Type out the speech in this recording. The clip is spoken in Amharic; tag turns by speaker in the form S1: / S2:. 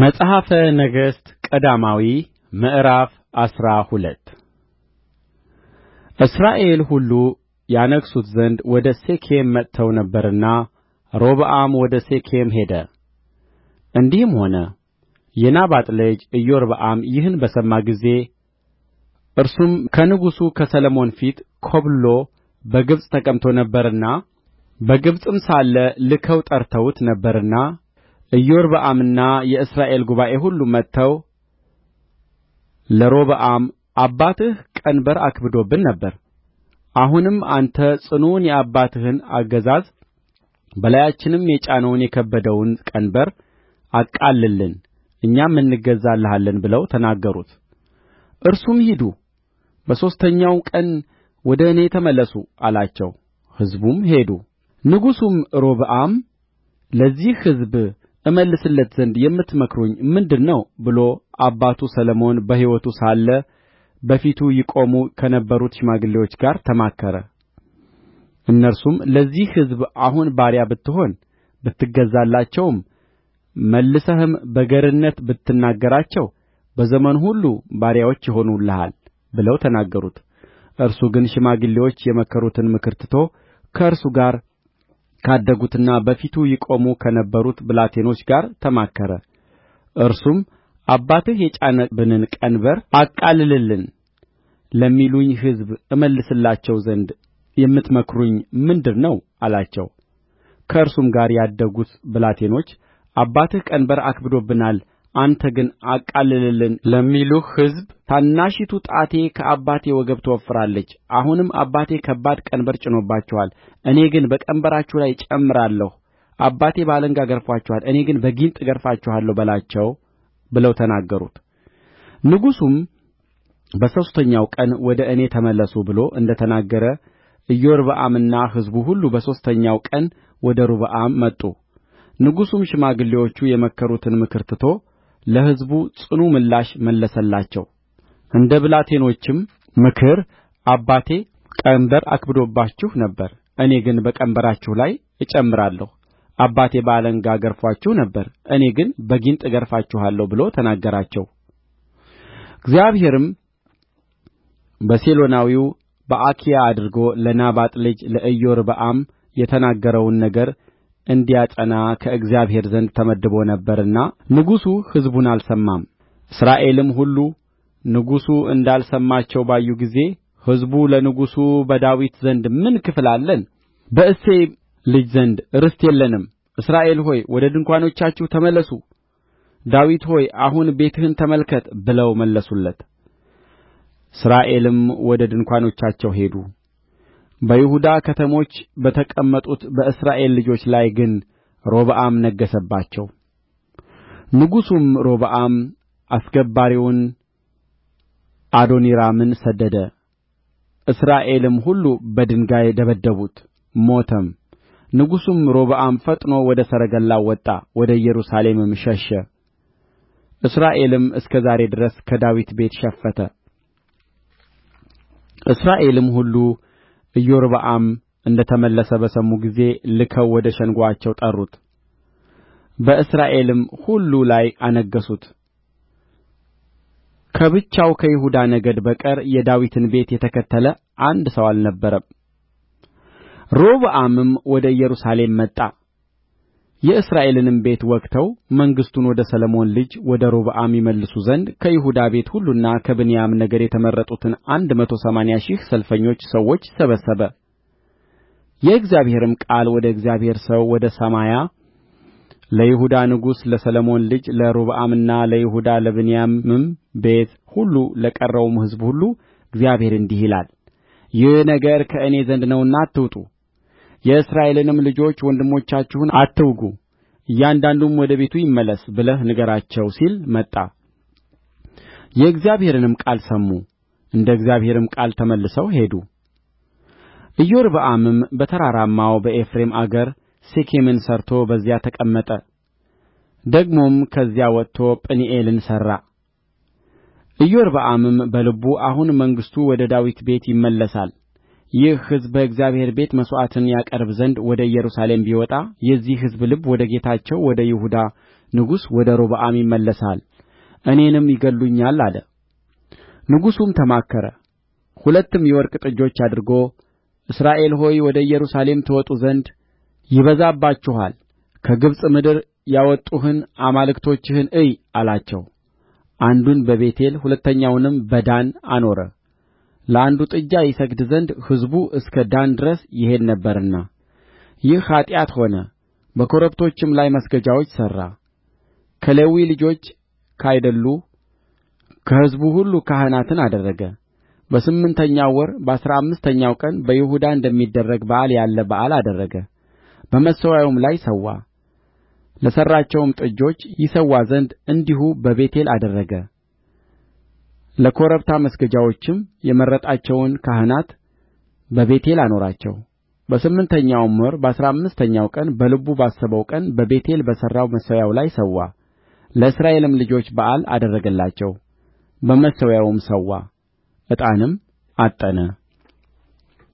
S1: መጽሐፈ ነገሥት ቀዳማዊ ምዕራፍ አስራ ሁለት እስራኤል ሁሉ ያነግሡት ዘንድ ወደ ሴኬም መጥተው ነበርና ሮብዓም ወደ ሴኬም ሄደ። እንዲህም ሆነ የናባጥ ልጅ ኢዮርብዓም ይህን በሰማ ጊዜ እርሱም ከንጉሡ ከሰሎሞን ፊት ኰብልሎ በግብጽ ተቀምጦ ነበርና በግብጽም ሳለ ልከው ጠርተውት ነበርና ኢዮርብዓምና የእስራኤል ጉባኤ ሁሉ መጥተው ለሮብዓም አባትህ ቀንበር አክብዶብን ነበር አሁንም አንተ ጽኑውን የአባትህን አገዛዝ በላያችንም የጫነውን የከበደውን ቀንበር አቃልልልን እኛም እንገዛልሃለን ብለው ተናገሩት እርሱም ሂዱ በሦስተኛው ቀን ወደ እኔ ተመለሱ አላቸው ሕዝቡም ሄዱ ንጉሡም ሮብዓም ለዚህ ሕዝብ እመልስለት ዘንድ የምትመክሩኝ ምንድር ነው ብሎ አባቱ ሰሎሞን በሕይወቱ ሳለ በፊቱ ይቆሙ ከነበሩት ሽማግሌዎች ጋር ተማከረ እነርሱም ለዚህ ሕዝብ አሁን ባሪያ ብትሆን ብትገዛላቸውም መልሰህም በገርነት ብትናገራቸው በዘመኑ ሁሉ ባሪያዎች ይሆኑልሃል ብለው ተናገሩት እርሱ ግን ሽማግሌዎች የመከሩትን ምክር ትቶ ከእርሱ ጋር ካደጉትና በፊቱ ይቆሙ ከነበሩት ብላቴኖች ጋር ተማከረ እርሱም አባትህ የጫነብንን ቀንበር አቃልልልን ለሚሉኝ ሕዝብ እመልስላቸው ዘንድ የምትመክሩኝ ምንድር ነው አላቸው ከእርሱም ጋር ያደጉት ብላቴኖች አባትህ ቀንበር አክብዶብናል አንተ ግን አቃልልልን ለሚሉህ ሕዝብ ታናሺቱ ጣቴ ከአባቴ ወገብ ትወፍራለች አሁንም አባቴ ከባድ ቀንበር ጭኖባችኋል እኔ ግን በቀንበራችሁ ላይ እጨምራለሁ አባቴ በአለንጋ ገርፎአችኋል እኔ ግን በጊንጥ እገርፋችኋለሁ በላቸው ብለው ተናገሩት ንጉሡም በሦስተኛው ቀን ወደ እኔ ተመለሱ ብሎ እንደ ተናገረ ኢዮርብዓምና ሕዝቡ ሁሉ በሦስተኛው ቀን ወደ ሮብዓም መጡ ንጉሡም ሽማግሌዎቹ የመከሩትን ምክር ትቶ ለሕዝቡ ጽኑ ምላሽ መለሰላቸው እንደ ብላቴኖችም ምክር አባቴ ቀንበር አክብዶባችሁ ነበር እኔ ግን በቀንበራችሁ ላይ እጨምራለሁ አባቴ በአለንጋ ገርፎአችሁ ነበር እኔ ግን በጊንጥ እገርፋችኋለሁ ብሎ ተናገራቸው እግዚአብሔርም በሴሎናዊው በአኪያ አድርጎ ለናባጥ ልጅ ለኢዮርብዓም የተናገረውን ነገር እንዲያጸና ከእግዚአብሔር ዘንድ ተመድቦ ነበርና ንጉሡ ሕዝቡን አልሰማም እስራኤልም ሁሉ ንጉሡ እንዳልሰማቸው ባዩ ጊዜ ሕዝቡ ለንጉሡ በዳዊት ዘንድ ምን ክፍል አለን በእሴይም ልጅ ዘንድ ርስት የለንም እስራኤል ሆይ ወደ ድንኳኖቻችሁ ተመለሱ ዳዊት ሆይ አሁን ቤትህን ተመልከት ብለው መለሱለት እስራኤልም ወደ ድንኳኖቻቸው ሄዱ በይሁዳ ከተሞች በተቀመጡት በእስራኤል ልጆች ላይ ግን ሮብዓም ነገሠባቸው ንጉሡም ሮብዓም አስገባሪውን አዶኒራምን ሰደደ እስራኤልም ሁሉ በድንጋይ ደበደቡት ሞተም ንጉሡም ሮብዓም ፈጥኖ ወደ ሰረገላው ወጣ ወደ ኢየሩሳሌምም ሸሸ እስራኤልም እስከ ዛሬ ድረስ ከዳዊት ቤት ሸፈተ እስራኤልም ሁሉ ኢዮርብዓም እንደ ተመለሰ በሰሙ ጊዜ ልከው ወደ ሸንጎአቸው ጠሩት በእስራኤልም ሁሉ ላይ አነገሡት ከብቻው ከይሁዳ ነገድ በቀር የዳዊትን ቤት የተከተለ አንድ ሰው አልነበረም ሮብዓምም ወደ ኢየሩሳሌም መጣ የእስራኤልንም ቤት ወግተው መንግሥቱን ወደ ሰሎሞን ልጅ ወደ ሮብዓም ይመልሱ ዘንድ ከይሁዳ ቤት ሁሉና ከብንያም ነገድ የተመረጡትን አንድ መቶ ሰማንያ ሺህ ሰልፈኞች ሰዎች ሰበሰበ የእግዚአብሔርም ቃል ወደ እግዚአብሔር ሰው ወደ ሰማያ፣ ለይሁዳ ንጉሥ ለሰሎሞን ልጅ ለሮብዓምና ለይሁዳ ለብንያምም ቤት ሁሉ ለቀረውም ሕዝብ ሁሉ እግዚአብሔር እንዲህ ይላል ይህ ነገር ከእኔ ዘንድ ነውና አትውጡ የእስራኤልንም ልጆች ወንድሞቻችሁን አትውጉ እያንዳንዱም ወደ ቤቱ ይመለስ ብለህ ንገራቸው ሲል መጣ የእግዚአብሔርንም ቃል ሰሙ እንደ እግዚአብሔርም ቃል ተመልሰው ሄዱ ኢዮርብዓምም በተራራማው በኤፍሬም አገር ሴኬምን ሠርቶ በዚያ ተቀመጠ ደግሞም ከዚያ ወጥቶ ጵኒኤልን ሠራ ኢዮርብዓምም በልቡ አሁን መንግሥቱ ወደ ዳዊት ቤት ይመለሳል ይህ ሕዝብ በእግዚአብሔር ቤት መሥዋዕትን ያቀርብ ዘንድ ወደ ኢየሩሳሌም ቢወጣ የዚህ ሕዝብ ልብ ወደ ጌታቸው ወደ ይሁዳ ንጉሥ ወደ ሮብዓም ይመለሳል እኔንም ይገድሉኛል አለ ንጉሡም ተማከረ ሁለትም የወርቅ ጥጆች አድርጎ እስራኤል ሆይ ወደ ኢየሩሳሌም ትወጡ ዘንድ ይበዛባችኋል ከግብጽ ምድር ያወጡህን አማልክቶችህን እይ አላቸው አንዱን በቤቴል ሁለተኛውንም በዳን አኖረ ለአንዱ ጥጃ ይሰግድ ዘንድ ሕዝቡ እስከ ዳን ድረስ ይሄድ ነበርና ይህ ኃጢአት ሆነ በኮረብቶችም ላይ መስገጃዎች ሠራ ከሌዊ ልጆች ካይደሉ ከሕዝቡ ሁሉ ካህናትን አደረገ በስምንተኛው ወር በአሥራ አምስተኛው ቀን በይሁዳ እንደሚደረግ በዓል ያለ በዓል አደረገ በመሠዊያውም ላይ ሠዋ ለሠራቸውም ጥጆች ይሠዋ ዘንድ እንዲሁ በቤቴል አደረገ ለኮረብታ መስገጃዎችም የመረጣቸውን ካህናት በቤቴል አኖራቸው በስምንተኛውም ወር በአሥራ አምስተኛው ቀን በልቡ ባሰበው ቀን በቤቴል በሠራው መሠዊያ ላይ ሠዋ ለእስራኤልም ልጆች በዓል አደረገላቸው በመሠዊያውም ሠዋ ዕጣንም ዐጠነ